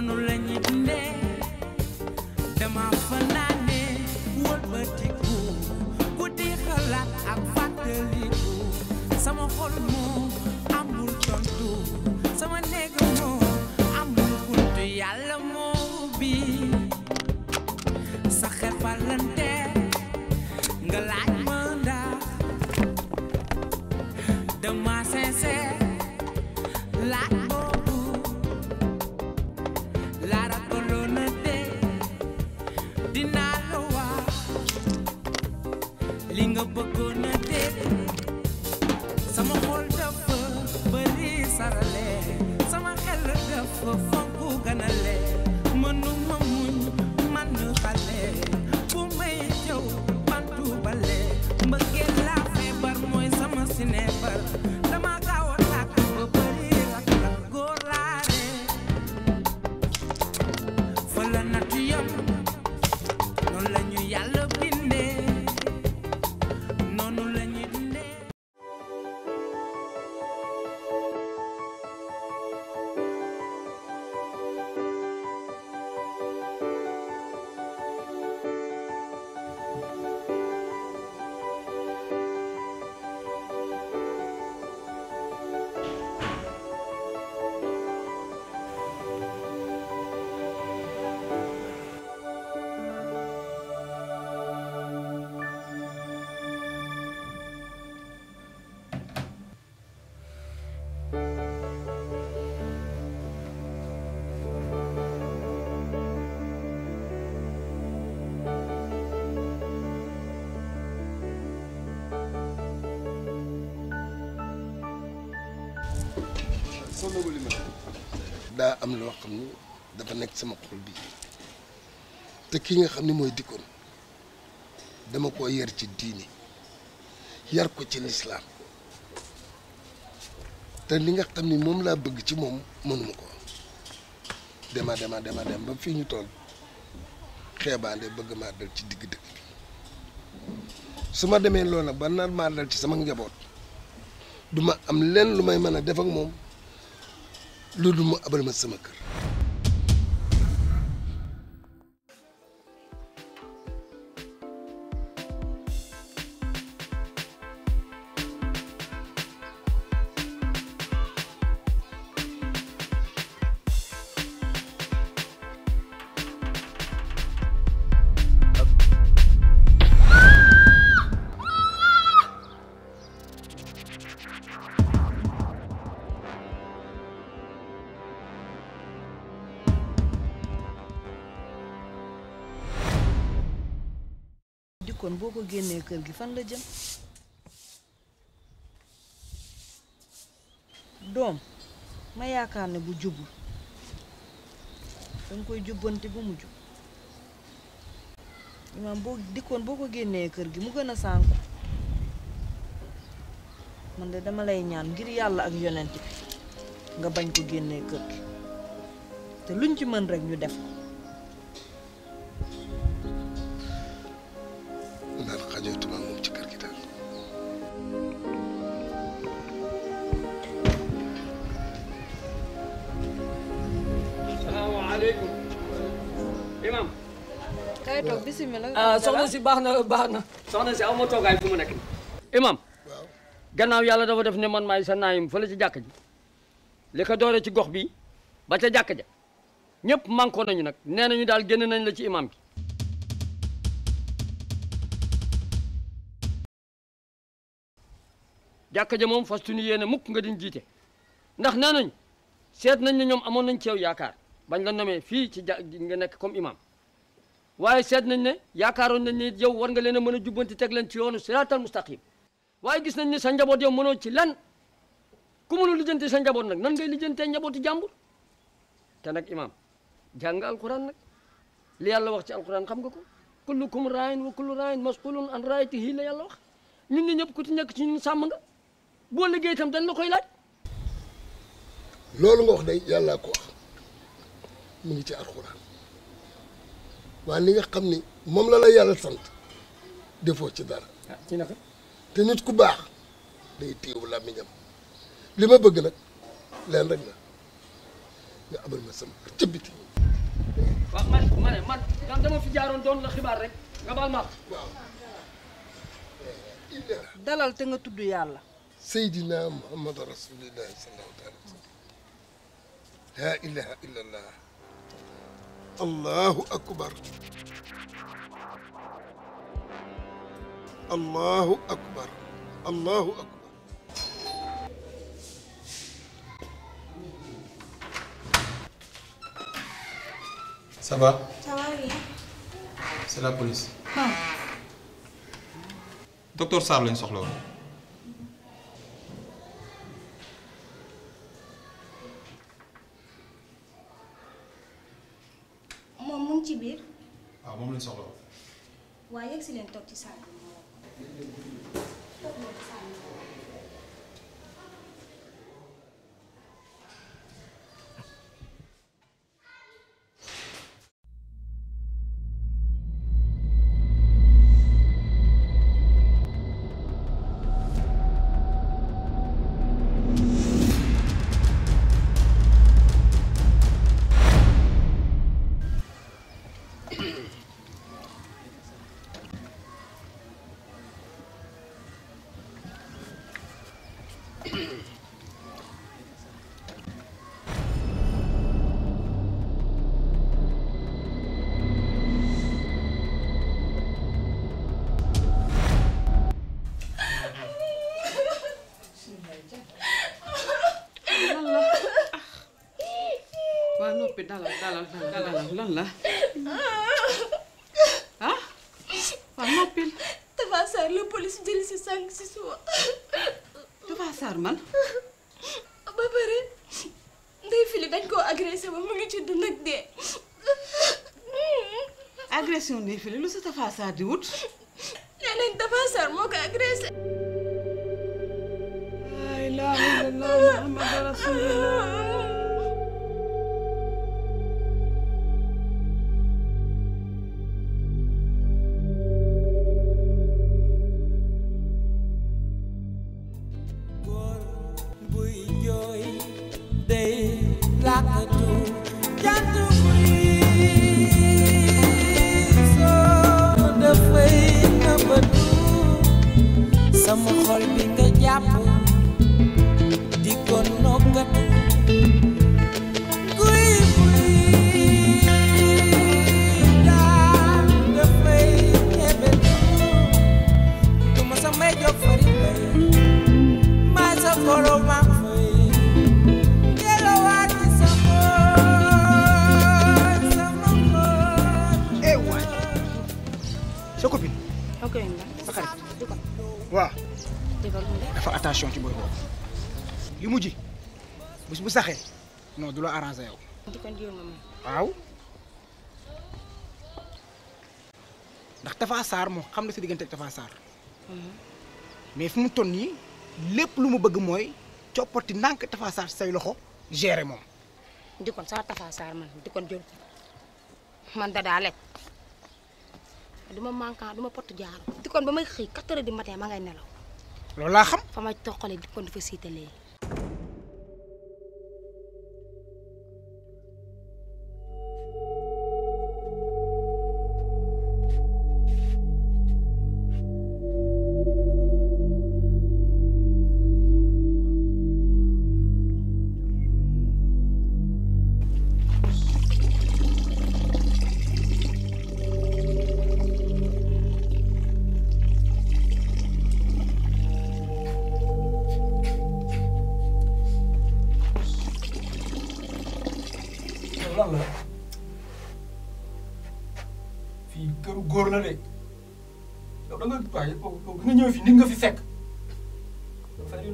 noonu lañuy dundee dama fanaane wëlbatiku guddi xalaat ak fàttaliku sama xol moo fo fonku ganale mënuma muñ am loo dapat naik dafa sama xol bi te ki nga xam Demokrasi di dikkoon dama ko yar ci diini yar ko ci lislaam te li nga xam ni moom bëgg ci moom mënuma ko dema dema dema dem ba fii ñu toll xeebaande bëgg maa dal ci digg dëkk bi su ma demee ba naan dal ci sama duma am lenn lu may mën def ak loolu mu abal ma sama kër. dikkoon boko ko génnee kër gi fan la jëm dom ma yaakaar bu jubbu dang koy jubbanti bu mujju imam bo dikon boko boo ko kër gi mu gëna a man de dama lay ñaan ngir yalla ak yonent bi nga bañ ko kër gi te luñ ci man rek ñu def ko Ah, ah, soxna si baax na baax na. soxna si aw ma toogaay mu nekk. imam gannaaw yàlla dafa def ne man maay sa naayim fële ci jàkk ji li ko doore ci gox bi ba jàkk ja ñëpp mànkoo nañu nag nee nañu daal génn nañ la ci imam bi. ja moom fas tu ni yéene mukk nga diñ jiite ndax nee nañ seet nañ ne ñoom amoon nañ ceew yaakaar bañ la nomee fii ci ja nga nekk comme imam waaye seet nañ ne yaakaaroon nañ ne yow war nga leen mën a jubbanti teg leen ci yoonu siraatal mustaqim waaye gis nañ ne sa njaboot yow mënoo ci lan ku mënul lijjanti sa njaboot nag nan ngay lijjantee njabooti jàmbur te nag imaam jàng alquran nag li yàlla wax ci alquran xam nga ko kullukum raayin wa kullu raayin mas'ulun an raayatihi la yàlla wax ñun ñi ñëpp ku ci nekk ci ñun sàmm nga boo liggéey itam dañ la koy laaj loolu wax day yàllaa ko mu ngi ci ولكن يجب ان يكون هناك افضل من اجل ان يكون هناك افضل من اجل ان ان يكون هناك افضل من اجل ان يكون هناك افضل من اجل ان يكون هناك افضل من اجل ان يكون هناك افضل من اجل ان يكون هناك افضل من اجل ان يكون هناك افضل من اجل ان يكون هناك افضل من اجل ان يكون هناك افضل من اجل ان يكون هناك افضل من اجل الله أكبر الله أكبر الله أكبر سبا سلام بوليس دكتور صعب لين صحلو agression ne fili lu sa tafaasaar di wut. nee nañ tafaasaar moo ko agressé. la ilaha illallah muhammad rasulullah. bis bu saxee non du la arrangé yow. waaw. ndax Tafa Sarr moo xam ne sa diggante ak Tafa Sarr. Mhm. mais fu mu ton nii lépp lu mu bëgg mooy coppati ndànk Tafa Sarr say loxo gérer moom. di kon saa Tafa Sarr man di kon man da daa lekk du ma manquant du ma pot jaar di kon ba may xëy 4 heures du matin ma ngay nelaw. loolu laa xam. fa ma toqalee di kon dafa siitalee.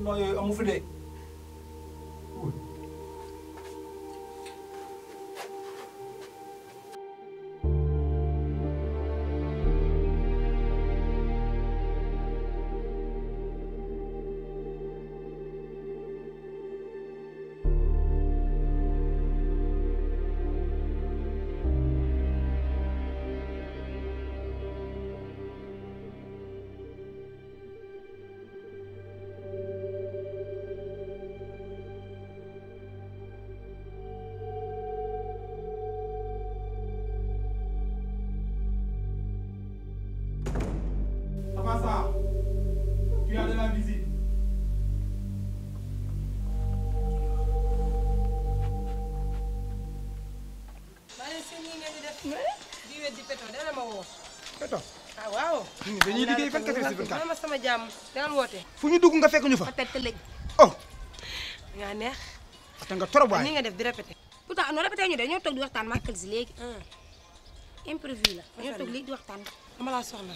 no amufide toog ah sama jàmm daan woote ñu dugg nga fekk ñu fa te léegi oh nga neex te nga trop waaye ni nga def di répété pourtant non répété ñu de ñoo toog di waxtaan makkal si léegi ah. imprévu la ñoo toog léegi di waxtaan dama laa soxla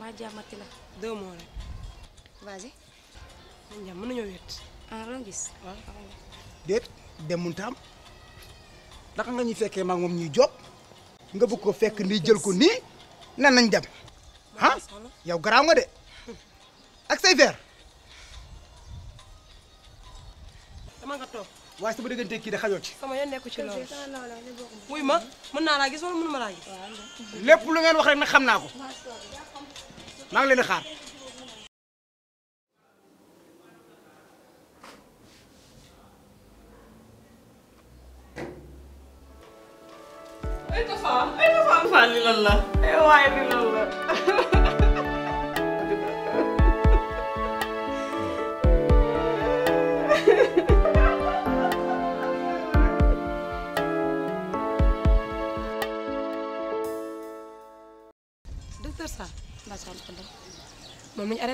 maa la deux mois rek vas mën nañoo wet ah loo gis waaw ah, nga ñuy fekkee maa moom ñuy jóg nga bëgg ko fekk nii jël ko nii nan nañ dem ah yow garaaw nga de ak say verre. dama nga toog. waaye sama kii da xajoo ci. sama yoon nekku ci ma mën naa laa gis wala mënuma laa gis. lu ngeen wax rek nag xam naa ko maa ngi leen di xaar.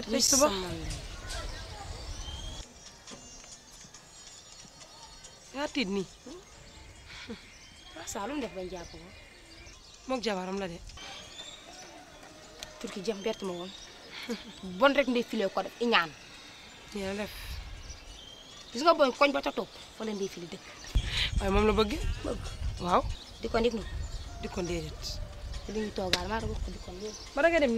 Nicht, الصبح yaa tiit nii saa lu mu def bañ jabaram la de turki jam bert ma woon bon rek ndey file ko def i ñaan def gis nga boñ koñ ba ta topp fa la ndey la bëgg bëgg di ko nu di ko li ñuy toogaal ko di ko ma da nga dem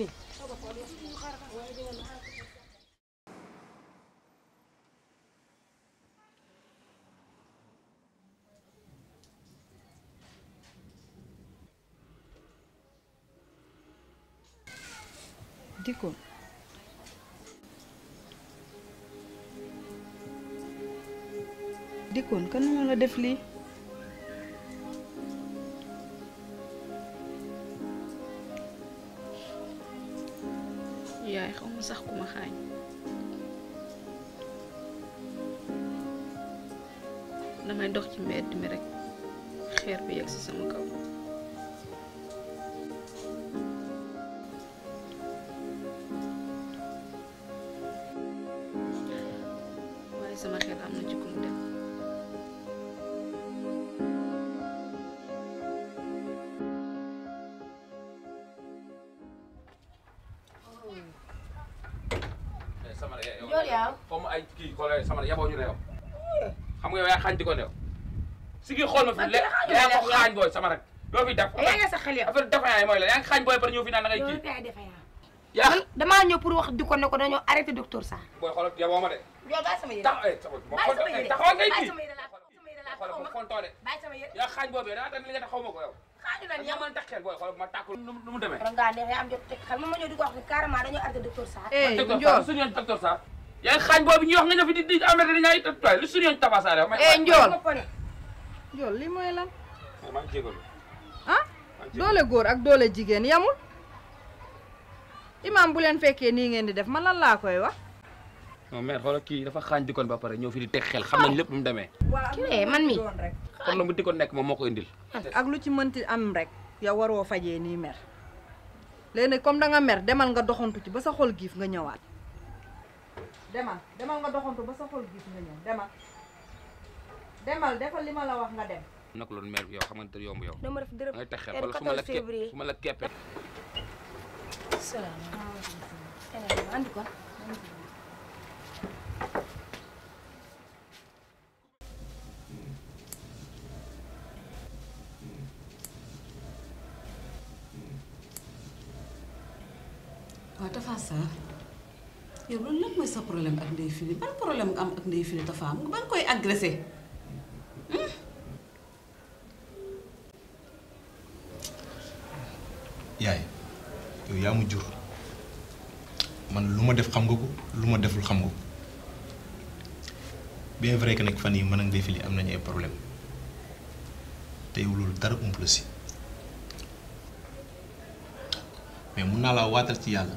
Diko. Dikoon kan moo la def yaay xaw sax kuma ma xaañ damay dox ci mbedd mi rek xeer bi yegg si kaw xaañ di ko new si gi xool ma fi lépp ko xaañ booy sama rek loo booy pare ñëw fi naan booy xoolal ma de yow bàyyi sama yére eh, taxawal ngay kii a xel ma mu demee nga neex yaa ma ma ñëw di ko wax ni carrément dañoo arrêté docteur Sarr eh, yaa xaañ boobu ñuy wax nga fi di di am na dañaa itam tooy lu suñu yoon tabasaare. eh njool njool li mooy lan. maa ngi jégalu. ah doole góor ak doole jigéen yamul. imam bu leen fekkee nii ngeen di def man lan laa koy wax. non mère dafa xaañ dikkoon ba pare ñëw fi di teg xel xam nañ lépp mu demee. kii man mi kon la mu dikkoon indil. Ah, ak lu ci mënti am rek yow ya waroo fajee nii mer léegi comme da nga mer deman nga doxantu ci ba sa xol nga ñëwaat. demal demal nga doxantu ba sa xol gis nga ñëw demal demal defal li ma la wax nga dem. naka loolu mère bi yow xamante ne yomb yow. dama def dërëb heure 14 février su ma la keppee su ma la keppee. salaamaaleykum. Eh, andi ko. sa problème ak Ndeye Fili ban problème nga am ak Ndeye Fili Tafa am ba nga koy agressé. Hmm? yaay yow yaa mu jur man lu ma def xam nga ko lu ma deful xam nga ko bien vrai que nag fan yi mën ak Ndeye Fili am nañu problème te yow mais mun naa laa waatal ci yàlla.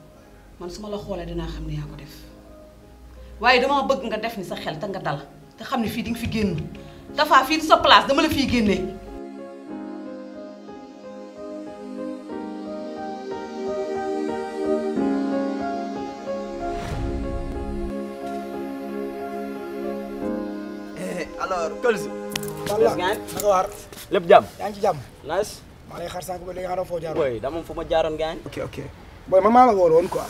man suma la xolé dina xam ne yaa ko def waye dama bëgg nga def ni sa xel ta nga dal te xam ne fii di fi genn dafa fii di sa place dama la fiy génnee. Eh, alors Kölz. walla naka waar. lépp jàmm nice. maa lay xaar sànq ba léegi xaaral Boy, jaaroon. booy dama foo ma jaaroon gaañ. ok ok booy man maa la wóoroon quoi.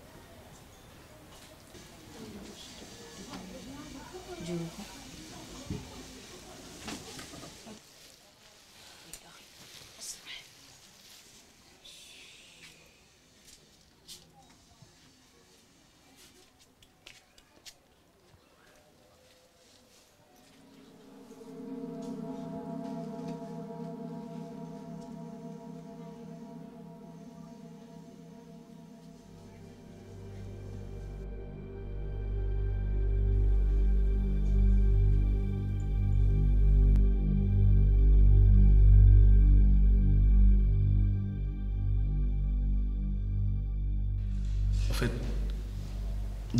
do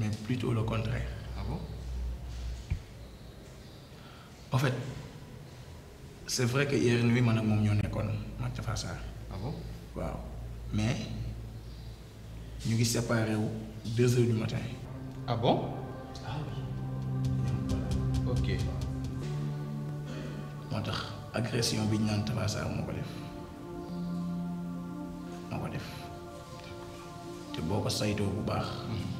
mais plutôt le contraire. Ah bon En fait, c'est vrai que hier nuit, man ak moom ñoo nekkoon man Tafa Sarr. ah bon waaw mais ñu sommes séparé wu 2 heures du matin. ah bon. ah oui. ok. moo tax agression bi ñu naan mo Sarr moo ko def moo ko def te boo ko bu baax. Mm-hmm.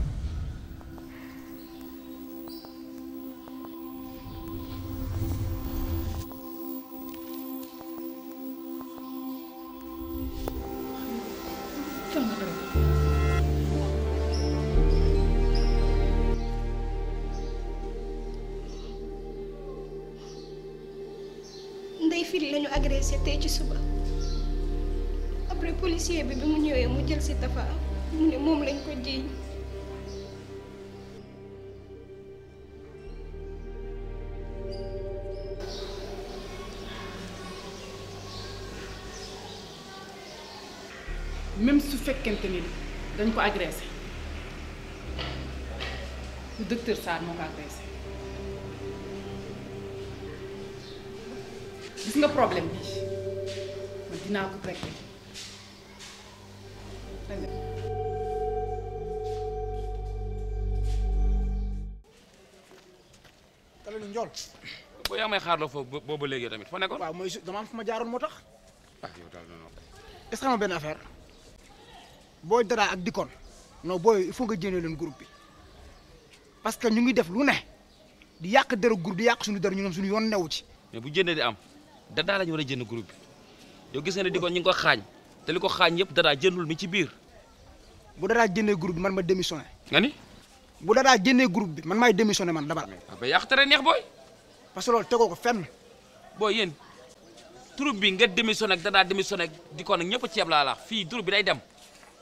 ay seetee ci suba après policier bi bi mu ñëwee mu jël si Tafa mu ne moom lañ ko jiiñ même su fekkente ni dañ ko agressé du docteur Sarr moo ko agressé gis problème bi man dinaa ko régler Talilu Njool. boo yaa may xaar la foofu boobu léegi tamit fa nekkoon. waaw mooy su dama fu ma jaaroon moo tax. ah yow daal non benn affaire boo dara ak dikkoon non booy il faut nga génne leen group bi parce que ñu ngi def lu ne di yàq dara groupe di yàq suñu dara ñu ñoom suñu yoon newu ci. mais bu jëndee di am. Dada lañu wara jënd groupe yo gis nga ne di ko ñu ngi ko xañ te li ko yëpp dadaa jëndul mi ci biir bu dada jëndé groupe bi man ma démissioné nga ni bu dada jëndé groupe bi man may démissioné man dabal ah, ba yàq tare neex boy parce que lool tegoo ko fenn boy yeen troupe bi nga démissioné ak dada démissioné diko di ñëpp ci laa la fi troupe bi day dem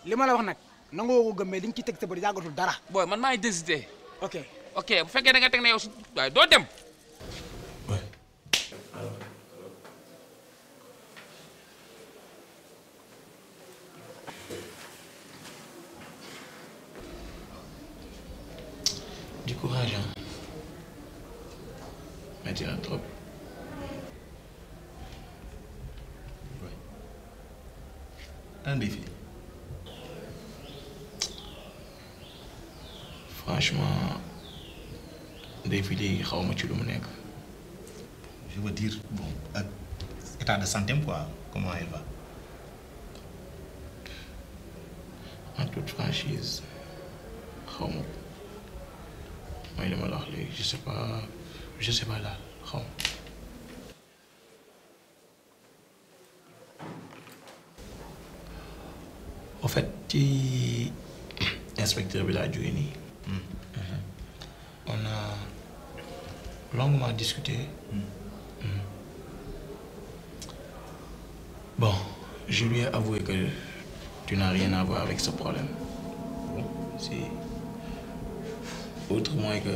lima la wax nag nangoo ko gëmé mais liñ ci tek sa bari yàggatul dara boy man may désité ok ok bu fekkee da nga tek na yow do dem encourageant. Mais tu trop. Oui. Un défi. Franchement, défi, je ne sais pas Je veux dire, bon, état de santé, quoi, comment elle va En toute franchise, je ne sais pas je sais pas je sais pas là. Au en fait tu inspecteur de la mm, mm-hmm. on a longuement discuté. Mm, mm. bon je lui ai avoué que tu n'as rien à voir avec ce problème. Autrement que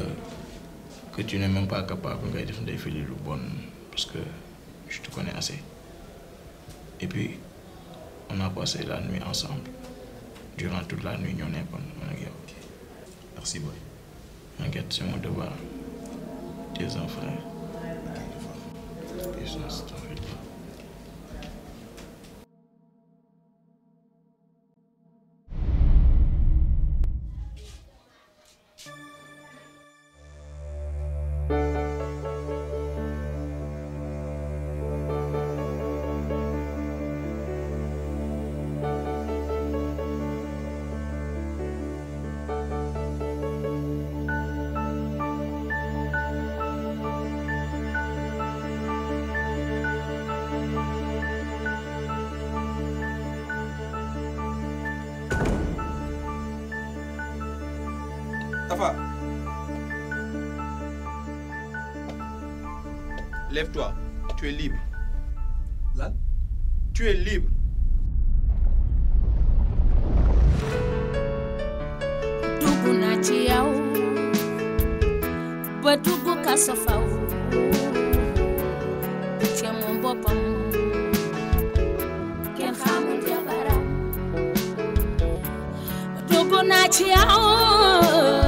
que tu n'es même pas capable de faire des filles filets bon parce que je te connais assez et puis on a passé la nuit ensemble durant toute la nuit on est bonnes. merci boy. Inquiète, c'est mon devoir. enfants. enfants. Tafa. Lève-toi. Tu es libre. Là Tu es libre. Badugu kasafau Chamun bopam Ken khamun jabara Badugu na chiao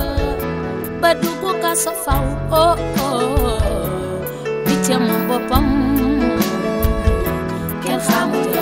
badugo ka sofa oh oh bitia mambo pam ken xamul